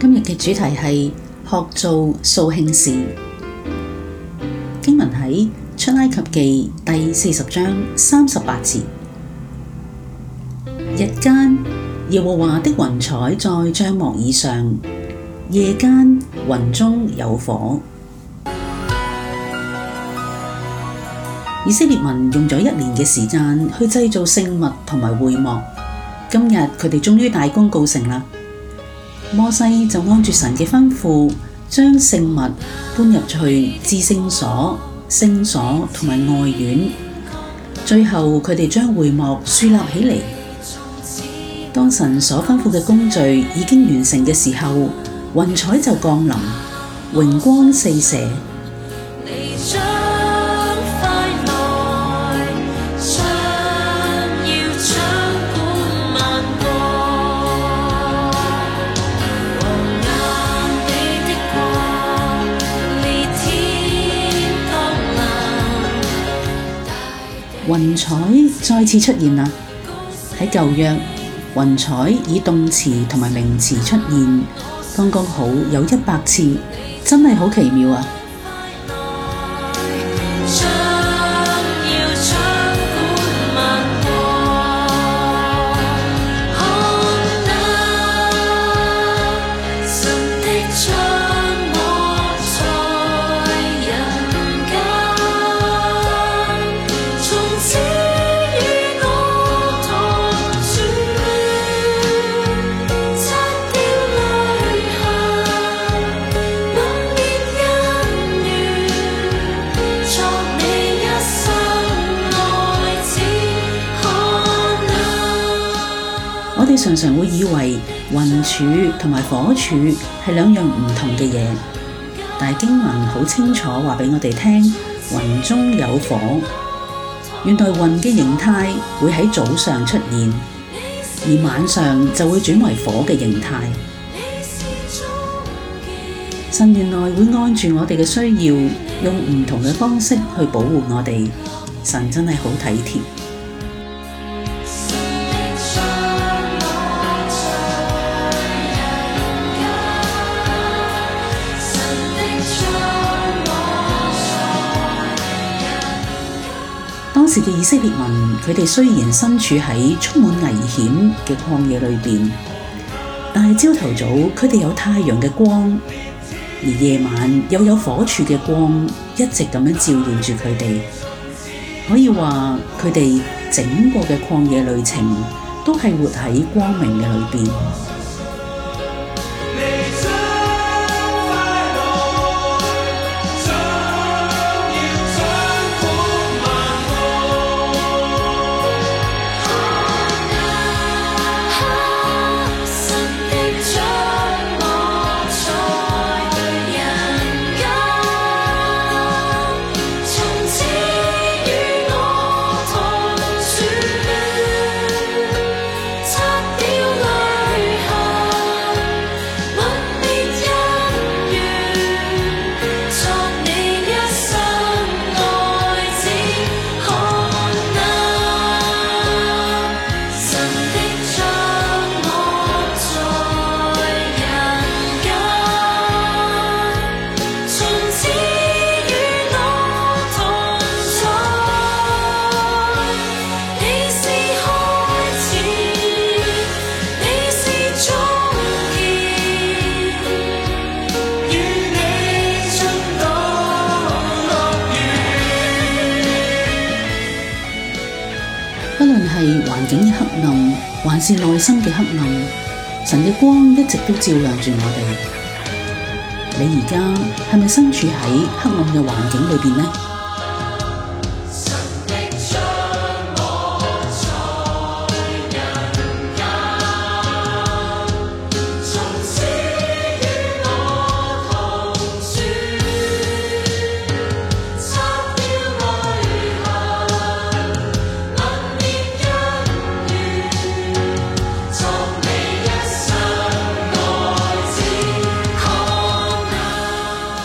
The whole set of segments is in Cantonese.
今日嘅主題係學做掃興事。經文喺出埃及記第四十章三十八節：日間耶和華的雲彩在帳幕以上，夜間雲中有火。以色列民用咗一年嘅時間去製造聖物同埋會幕，今日佢哋終於大功告成啦！摩西就按住神嘅吩咐，將聖物搬入去至聖所、聖所同埋外院。最後佢哋將會幕樹立起嚟。當神所吩咐嘅工序已經完成嘅時候，雲彩就降臨，榮光四射。雲彩再次出現啦！喺舊約，雲彩以動詞同埋名詞出現，剛剛好有一百次，真係好奇妙啊！我哋常常會以為雲柱同埋火柱係兩樣唔同嘅嘢，但係經文好清楚話俾我哋聽，雲中有火。原來雲嘅形態會喺早上出現，而晚上就會轉為火嘅形態。神原來會按住我哋嘅需要，用唔同嘅方式去保護我哋。神真係好體貼。當時嘅以色列民，佢哋雖然身處喺充滿危險嘅曠野裏邊，但係朝頭早佢哋有太陽嘅光，而夜晚又有火柱嘅光，一直咁樣照耀住佢哋。可以話佢哋整個嘅曠野旅程都係活喺光明嘅裏邊。.係環境嘅黑暗，還是內心嘅黑暗？神嘅光一直都照亮住我哋。你而家係咪身處喺黑暗嘅環境裏面呢？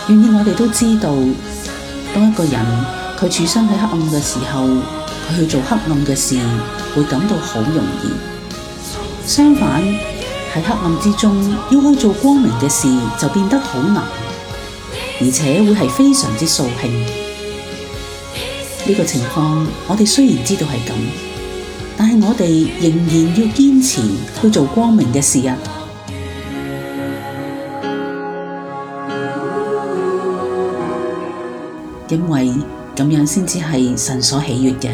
願意我哋都知道，當一個人佢處身喺黑暗嘅時候，佢去做黑暗嘅事會感到好容易；相反喺黑暗之中，要去做光明嘅事就變得好難，而且會係非常之掃興。呢、這個情況我哋雖然知道係咁，但係我哋仍然要堅持去做光明嘅事啊！因為咁樣先至係神所喜悅嘅。